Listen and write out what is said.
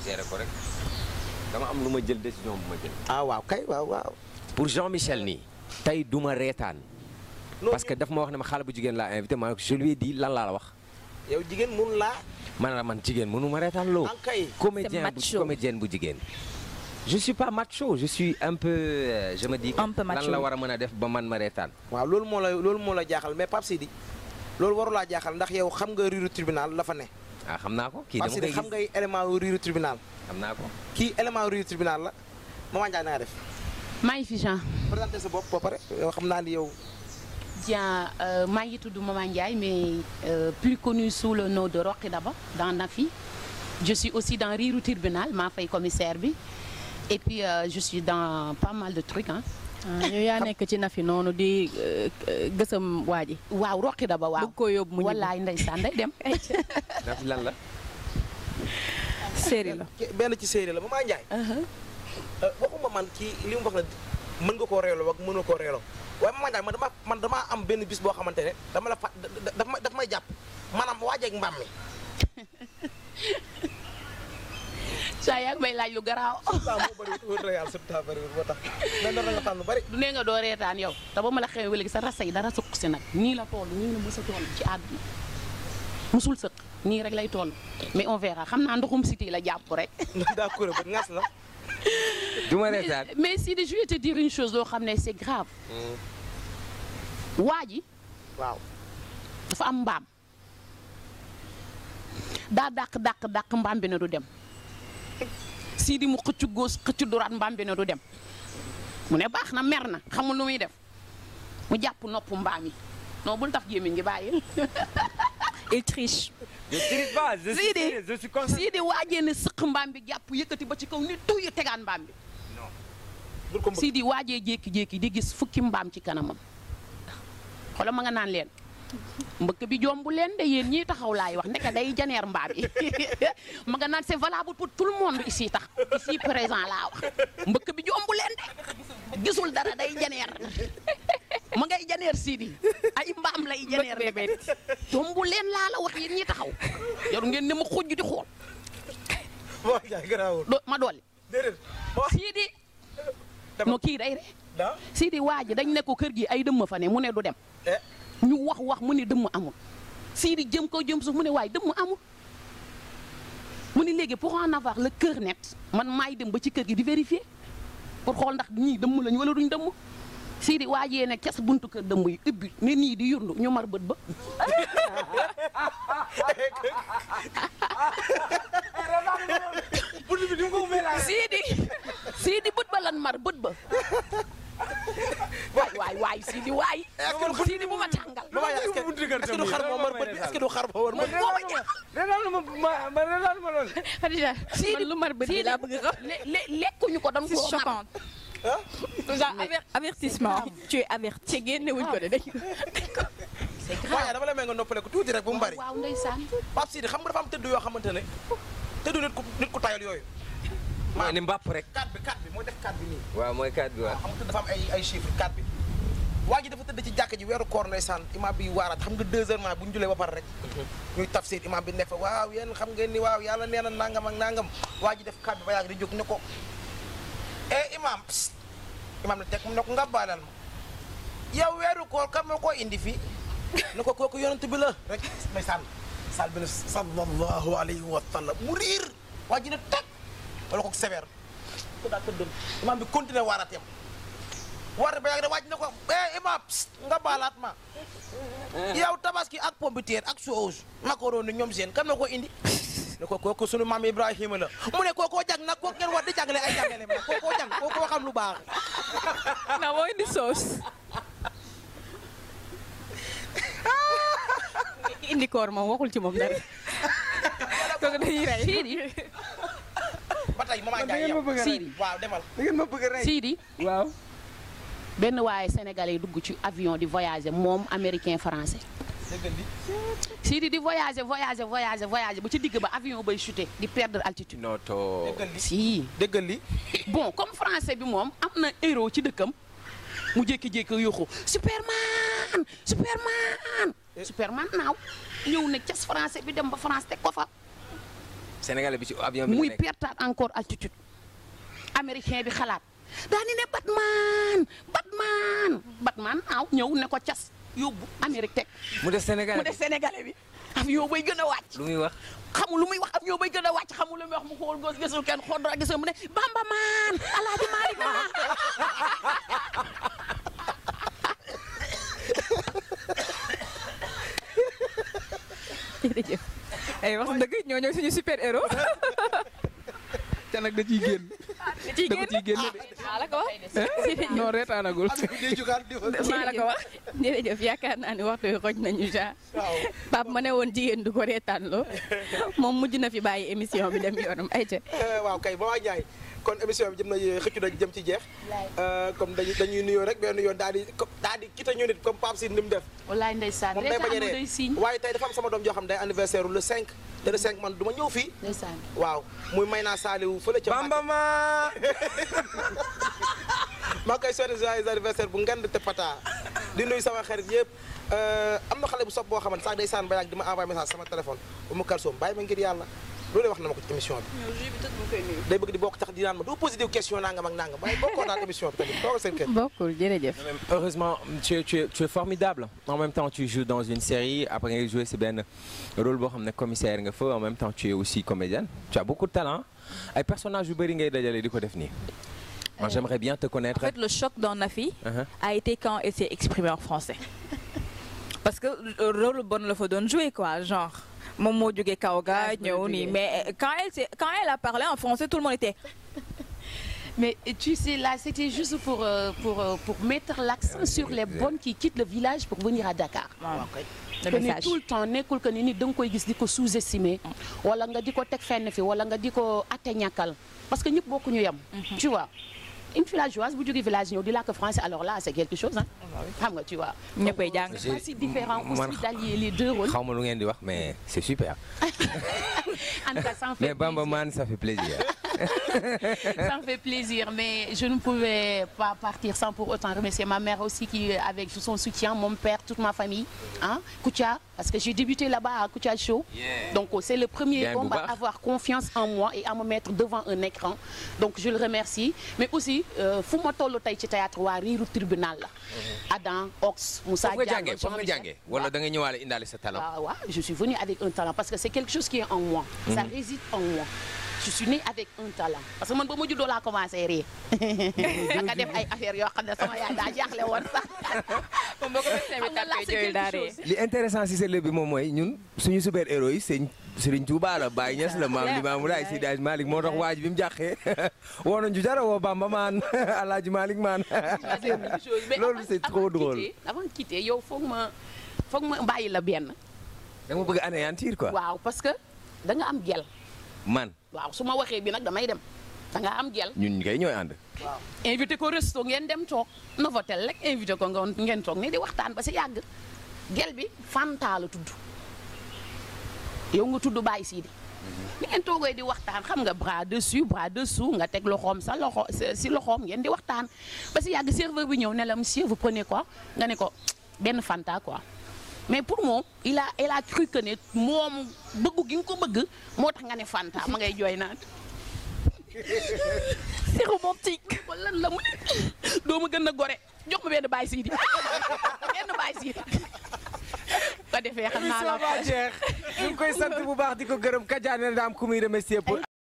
gérer ko rek dama am lu ma jël décision bu ma jël. ah waaw kay pour Jean Michel nii. tey du ma reetaan. parce que daf ma wax ne ma xale bu jigéen laa invité ma je lan laa la wax. yow jigéen mun laa. man la man jigéen mënu ma reetaan loo. Ah, comédien bu comédienne bu jigéen. je suis pas macho je suis un peu euh, je lan la war a mën a def ba man ma reetaan. waaw loolu moo la loolu moo la jaaxal mais Pape Sidi loolu warulaa jaaxal ndax yow xam nga riiru tribunal la fa ne. ah xam naa ko kii dama xam ngay élément wu riiru tribunal. xam naa ko kii élément wu riiru tribunal la Maman Ndiaye na nga def. maa ngi fi Jean. présenté sa bopp ba pare xam naa ni yow. Jean euh, maa ngi tudd Maman Ndiaye mais euh, plus connu sous le nom de Roqi Daba dans Nafi je suis aussi dans riiru tribunal maa fay commissaire bi. et puis euh, dans pas mal de trucs hein. Ah, yow yaa nekk ci Nafi noonu di euh, gësëm waa ji. waaw roqi da ba waaw bëgg koo yóbbu mu wallaay ndeysaan day dem. Nafi lan la. séeréer la benn ci séeréer la Maman Ndiaye. Uh-huh. Euh, waxuma man ci li mu wax la mën nga koo reeloo ak mënoo koo reeloo waaye man dama am benn bis boo xamante ne dama la fa daf may jàpp maanaam waajeeg mbaam mi. saa yaa ngi may laaj lu garaaw. du nee nga doo reetaan yow te ba ma la xewee léegi sa rase dara sëq si nag nii la toll nii la mës a ci àdduna musul sëq nii rek lay toll mais on xam naa ndoxum cité la jàpp rek. d'accord ba ngas la. du ma reetaan mais si je vais te une chose loo xam ne c'est grave. Mm. waa ji. waaw dafa am mbaam. daa dàq dàq dàq mbaam bi na du dem. Sidi mu xëccu góos xëccu duraat mbaam bi na du dem mu ne baax na mer na xamul lu muy def mu jàpp nopp mbaam yi non bul tax gémmiñ gi bàyyil il triche. je triche pas je sëq mbaam bi jàpp yëkkati ba ci kaw ni tuuti tegaan mbaam bi. sii di waajee jékki-jékki di gis fukki mbaam ci kanamam xoolal ma nga naan leen. mbëkk bi jombu leen de yéen ñi taxaw laay wax ndeke day janeer mbaa bi ma nga naan pour tout le monde ici tax ici présent laa wax mbëkk bi jombu leen de gisul dara day janeer ma ngay janeer siidi ay mbaam lay janeer ndeke jombu leen laa la wax yéen ñii taxaw yor ngeen ne ma xujj di xool ma dolli siidi no kii day re siidi waa ji dañ ne ko kër gi ay dëmm fa ne mu ne du dem eh. ñu wax wax mu ne dëmm amul di jëm kaw jëm suuf mu ne waay dëmm amul mu ne léegi pour en avoir le net man maay dem ba ci kër gi di vérifier xool ndax ñii dëmm lañu wala duñ dëmm Sidi waajee ne kes buntu kër dëmm yi ubbi ne nii di yurlu ñu mar bët ba. Sidi Sidi bët ba lan mar bët ba. waay Sidi waay. Sidi bu ma tàngal. est-ce que du xar moo mar bët bi est-ce que du xar moo war bët bi moo ma jeex. ma ma reetaan ma loolu. Khadija man lu mar bët bi laa bëgg a xam. lekkuñu ko dañ koo mar. ah. avertissement. tu es averti. te génne wuñ ko de dañ ko. waaye dama la may nga noppale ko tuuti rek bu mu bari. waaw ndeysaan. Pape Sidi xam nga dafa am tëdd yoo xamante ne tëdd nit ku nit ku tayal yooyu. maa ni mbàpp rek. 4 bi 4 bi mooy def 4 bi nii. waaw mooy 4 bi waaw. xam nga dafa am ay ay chiffres 4 bi. waa ji dafa tëdd ci jàkk ji weeru koor ndeysaan imaam bi waaraat xam nga deux heures maa bu ñu julee ba pare rek ñuy tafsir imaam bi nekk fa waaw yéen xam ngeen ni waaw yàlla nee na nangam ak nangam waa ji def kat bi ba yàgg di jóg ne ko e imaam imaam ne teg mu ne ko nga baalal ma yow weeru koor kan moo koo indi fii ne ko kooku yonent bi la rek ndeysaan sal bi ne sallallahu alayhi wa sallam mu riir waa ji ne teg wala ko sévère ko daa tëdd bi continuer waaraat yam war ba yàgg de wàcc na ko eh imam ma yow tabaski ak pompiteer ak sauce macaroni ñoom seen kan ma ko indi ne ko kooku sunu maam Ibrahima la mu ne kookoo jàng nag kooku ngeen war di jàngale ay jàngale ma kookoo jàng kookoo xam lu baax na moo indi sauce indi koor ma bëgg a rey Sidi benn waaye sénégalais dugg ci avion di voyager moom américain français. si di di voyager voyager voyager voyager ba ci digg ba avion bay chuté di perdre altitude. nootoo si dëggal li bon comme français bi moom am na héros ci dëkkam mu jékki-jékki yuuxu superman superman eh. superman naaw ñëw na cas français bi dem ba France teg ko fa. sénégalais bi ci avion bi muy pertaat encore altitude. américain bi xalaat. daani ne Batman Batman Batman aw ñëw ne ko cas yóbbu Amérique teg. mu des Sénégalais mu des Sénégalais bi. avion bay gën a wàcc. lu muy wax xamu lu muy wax avion bay gën a wàcc xamul lu muy wax mu xool góos gisul kenn xool dara gisul mu ne Bamba maan Alaaji Maalik maan jërëjëf ay eh, wax dëgg ñoo ñooy suñu super héros. maa la ko wax. Eh? non reetaanagul. maa la ko wax. jërëjëf yaakaar naa ne waxtu wi xoj nañu genre. Pape ma ne woon jigéen du ko reetaanloo moom mujj na fi bàyyi émission bi dem yoonam ayca. Eh, waaw kay ba waa kon émission bi jëm na xëccu na jëm ci jeex euh, comme dañuy dañuy nuyoo rek benn daal di daal di kita ñu nit comme Pape Sine li mu def waaye tey dafa am sama doom joo xam day anniversaire le 5 man du ma ñëw fii waaw muy may naa saaliwu fële ca Bamba ma maa koy bu ngande te pata di nuy sama xarit yëpp euh, am na xale bu sopp boo xamante sax day saan ba yàgg di ma envoyé message sama téléphone bu mu kalsoom bàyyi ma ngir yàlla loolu wax na ma ko ci émission bi. day bëgg di bokk tax di naan ma doo posé des questions nangam ak nangam waaye bokkoo naan émission bi tamit toogal seen kër. bokkul jërëjëf. heureusement tu es tu es tu es formidable en même temps tu joues dans une série après nga joué si benn rôle boo xam ne commissaire nga fa en même temps tu es aussi comédienne tu as beaucoup de talent ay personnages yu bëri ngay dajale di ko def nii. moi euh, j'aimerais bien te connaître. en fait le choc dans Nafi. Uh-huh. a été quand elle s'est exprimée en français. parce que euh, rôle bon la fa doon jouer quoi genre. moom moo jógee Kaoga ñëw nii mais euh, quand elle quand elle a parlé en français tout le monde était. mais tu sais la c'était juste pour euh, pour euh, pour mettre l'accent sur les bonnes qui quittent le village pour venir à Dakar. waaw que ni tout le temps nekkul que ni nit da nga koy gis di ko sous-estimer. wala nga di ko teg fenn fi wala nga di ko atte ñàkkal parce que ñëpp bokkuñu yem. Mhm. tu vois. une villageoise bu jógee di làkk français alors là c'est quelque chose ah. xam nga tu vois. ñëppay c'est si différent aussi les deux rôles. ma lu ngeen di wax mais c'est super. en tout cas mais Bamba Man ça fait plaisir. Ça me fait plaisir, mais je ne pouvais pas partir sans pour autant remercier ma mère aussi qui, avec son soutien, mon père, toute ma famille, hein, Koutia, parce que j'ai débuté là-bas à Koutia Show. Yeah. Donc oh, c'est le premier Bien homme à avoir confiance en moi et à me mettre devant un écran. Donc je le remercie. Mais aussi, euh, fu ma toll tey ci théâtre waa riiru tribunal la. Mm-hmm. Adam, Ox, Moussa Diagne. foofu nga jàngee wala da nga ñëwaale indaale sa talent. waaw ah, waaw je suis venue avec un talent parce que c'est quelque chose qui est en moi. Ça mm-hmm. réside en moi. je suis née avec un talent parce que man ba ma juddoo laa commencé ree daka def ay affaire yoo xam ne sama yaay daa jaaxle woon sax. moom boo ko si seen lépp bi moom mooy ñun suñu super yi sëñ Serigne Touba la moo tax waaj bi mu jàqee woo nañu dara woo Bamba maan El Hadj Malick maan. loolu c'est trop drôle. avant quitter yow foog ma foog ma bàyyi la benn. da nga bëgg anéantir quoi. waaw parce que da am gel. man waaw su ma waxee bi nag damay dem danga am jël. ñun kay ñooy ànd. invité ko resto ngeen dem toog Novotel rek invité ko nga ngeen toog nii di waxtaan ba si yàgg gel bi fantaa la tudd yow nga tudd bàyyi Sidi. ni ngeen toogee di waxtaan xam nga bras dessus bras dessous nga teg loxoom sa loxo si loxoom ngeen di waxtaan ba si yàgg serveur bi ñëw ne la monsieur vous prenez quoi nga ne ko benn fantaa quoi. mais pour moom il a il a que ne moom bëggu gi nga ko bëgg moo tax nga ne Fanta ma ngay jooy naat. c'est romantique. lan la mu doo ma gën a gore jox ma benn baay siidi benn baay siidi. ko defee xam naa la. émission ba jeex ñu ngi koy sant bu baax di ko gërëm Kadiane daam ku muy remercier pour.